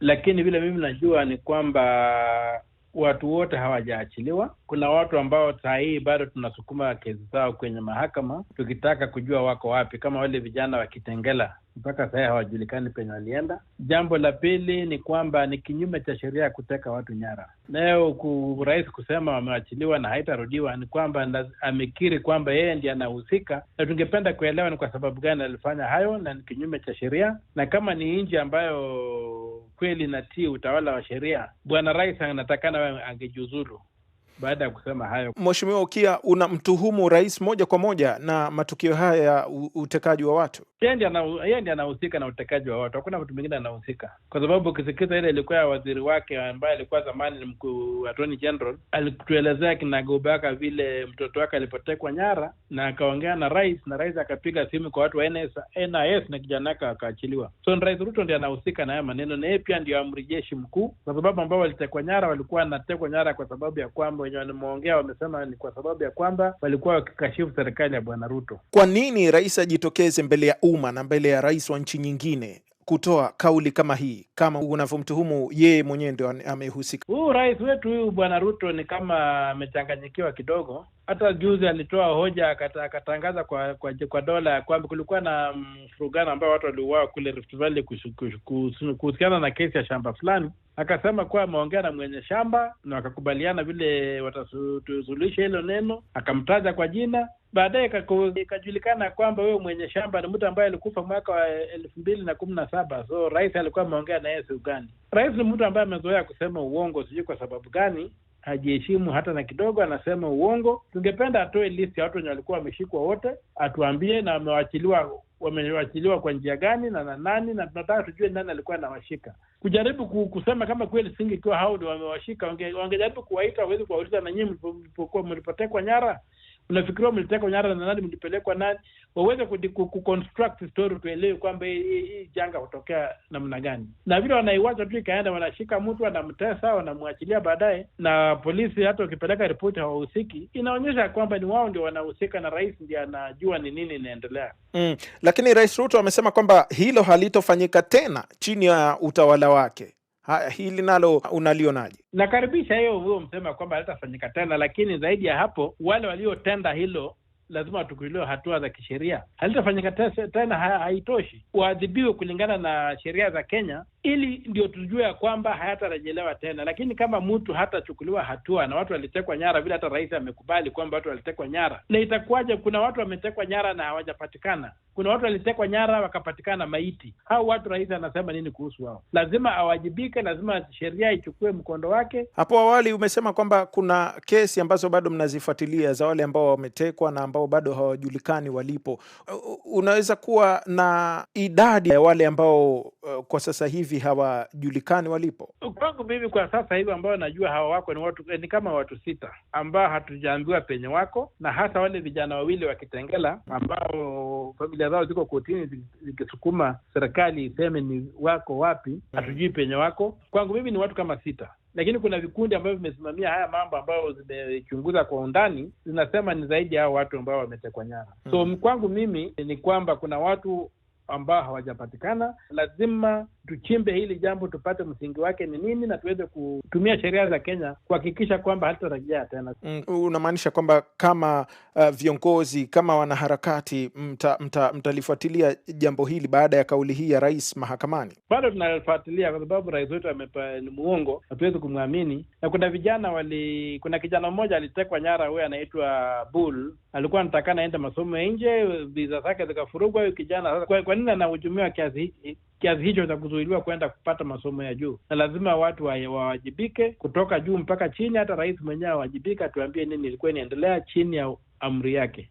lakini vile mimi najua ni kwamba watu wote hawajaachiliwa. Kuna watu ambao saa hii bado tunasukuma kesi zao kwenye mahakama tukitaka kujua wako wapi, kama wale vijana wa Kitengela mpaka sahii hawajulikani penye walienda. Jambo la pili ni kwamba ni kinyume cha sheria ya kuteka watu nyara. Leo rais kusema wameachiliwa na haitarudiwa ni kwamba amekiri kwamba yeye ndiye anahusika, na tungependa kuelewa ni kwa sababu gani alifanya hayo, na ni kinyume cha sheria, na kama ni nchi ambayo kweli natii utawala wa sheria, bwana rais anatakana angejiuzulu. Baada ya kusema hayo, Mheshimiwa Ukia, unamtuhumu rais moja kwa moja na matukio haya ya utekaji wa watu? Yeye ndiye anahusika na utekaji wa watu, hakuna mtu mwingine anahusika, kwa sababu ukisikiza ile ilikuwa ya waziri wake ambaye alikuwa zamani ni mkuu attorney general, alituelezea kinagobaka vile mtoto wake alipotekwa nyara, na akaongea na rais na rais akapiga simu kwa watu wa NIS na kijana yake akaachiliwa. So ni Rais Ruto ndiye anahusika na haya maneno, na yeye pia ndio amri jeshi mkuu, kwa sababu ambao walitekwa nyara walikuwa wanatekwa nyara kwa sababu ya kwamba wenye walimwongea wamesema ni kwa sababu ya kwamba walikuwa wakikashifu serikali ya Bwana Ruto. Kwa nini rais ajitokeze mbele ya umma na mbele ya rais wa nchi nyingine kutoa kauli kama hii, kama unavyomtuhumu yeye mwenyewe ndio amehusika? Huu rais wetu huyu Bwana Ruto ni kama amechanganyikiwa kidogo hata juzi alitoa hoja akatangaza kwa, kwa, kwa dola ya kwamba kulikuwa na mfurugano mm, ambayo watu waliuawa kule Rift Valley kuhusiana na kesi ya shamba fulani. Akasema kuwa ameongea na mwenye shamba na wakakubaliana vile watasuluhisha hilo neno, akamtaja kwa jina. Baadaye ikajulikana kwamba huyo mwenye shamba ni mtu ambaye alikufa mwaka wa elfu mbili na kumi na saba. So rais alikuwa ameongea na yeye ugani Rais ni mtu ambaye amezoea kusema uongo, sijui kwa sababu gani hajiheshimu hata na kidogo, anasema uongo. Tungependa atoe list ya watu wenye walikuwa wameshikwa wote, atuambie na wamewachiliwa wamewachiliwa kwa njia gani na na nani, na tunataka tujue nani alikuwa anawashika. Kujaribu kusema kama kweli singi ikiwa hao ndio wamewashika, wangejaribu kuwaita, wawezi kuwauliza na nyinyi mlipokuwa mlipotekwa nyara unafikiria mliteka nyara na nani, mlipelekwa nani, waweze kuconstruct story tuelewe kwamba hii janga hutokea namna gani, na vile wanaiwacha tu ikaenda, wanashika mtu wanamtesa, wanamwachilia baadaye, na polisi hata ukipeleka ripoti hawahusiki, inaonyesha kwamba ni wao ndio wanahusika na rais ndio anajua ni nini inaendelea. Mm, lakini Rais Ruto amesema kwamba hilo halitofanyika tena chini ya utawala wake hili nalo unalionaje? Nakaribisha hiyo huo msema kwamba halitafanyika tena, lakini zaidi ya hapo wale waliotenda hilo lazima wachukuliwe hatua za kisheria. Halitafanyika tena, haitoshi, waadhibiwe kulingana na sheria za Kenya ili ndio tujue ya kwamba hayatarejelewa tena. Lakini kama mtu hatachukuliwa hatua na watu walitekwa nyara, vile hata rais amekubali kwamba watu walitekwa nyara, na itakuwaje? Kuna watu wametekwa nyara na hawajapatikana, kuna watu walitekwa nyara wakapatikana maiti. au watu rais anasema nini kuhusu wao? Lazima awajibike, lazima sheria ichukue mkondo wake. Hapo awali umesema kwamba kuna kesi ambazo bado mnazifuatilia za wale ambao wametekwa na ambao bado hawajulikani walipo. Unaweza kuwa na idadi ya wale ambao uh, kwa sasa hivi hivi hawajulikani walipo? Kwangu mimi kwa sasa hivi ambayo najua hawa wako ni watu ni kama watu sita ambao hatujaambiwa penye wako, na hasa wale vijana wawili wa Kitengela ambao familia zao ziko kotini zikisukuma serikali iseme ni wako wapi, mm. hatujui penye wako. Kwangu mimi ni watu kama sita lakini kuna vikundi ambavyo vimesimamia haya mambo ambayo zimechunguza kwa undani, zinasema ni zaidi ya hao watu ambao wametekwa nyara. So mm. kwangu mimi ni kwamba kuna watu ambao hawajapatikana, lazima tuchimbe hili jambo, tupate msingi wake ni nini, na tuweze kutumia sheria za Kenya kuhakikisha kwamba halitarejea tena. Mm, unamaanisha kwamba kama uh, viongozi kama wanaharakati mtalifuatilia mta, mta jambo hili baada ya kauli hii ya rais mahakamani? Bado tunalifuatilia kwa sababu rais wetu ni muongo, hatuwezi kumwamini. Na kuna vijana wali, kuna kijana mmoja alitekwa nyara, huyo anaitwa Bull, alikuwa anataka naenda masomo ya nje, viza zake zikafurugwa. Huyu kijana sasa, kwa nini anahujumiwa kiasi hiki? kiasi hicho cha kuzuiliwa kwenda kupata masomo ya juu, na lazima watu wawajibike kutoka juu mpaka chini. Hata rais mwenyewe awajibike, atuambie nini ilikuwa inaendelea chini ya amri yake.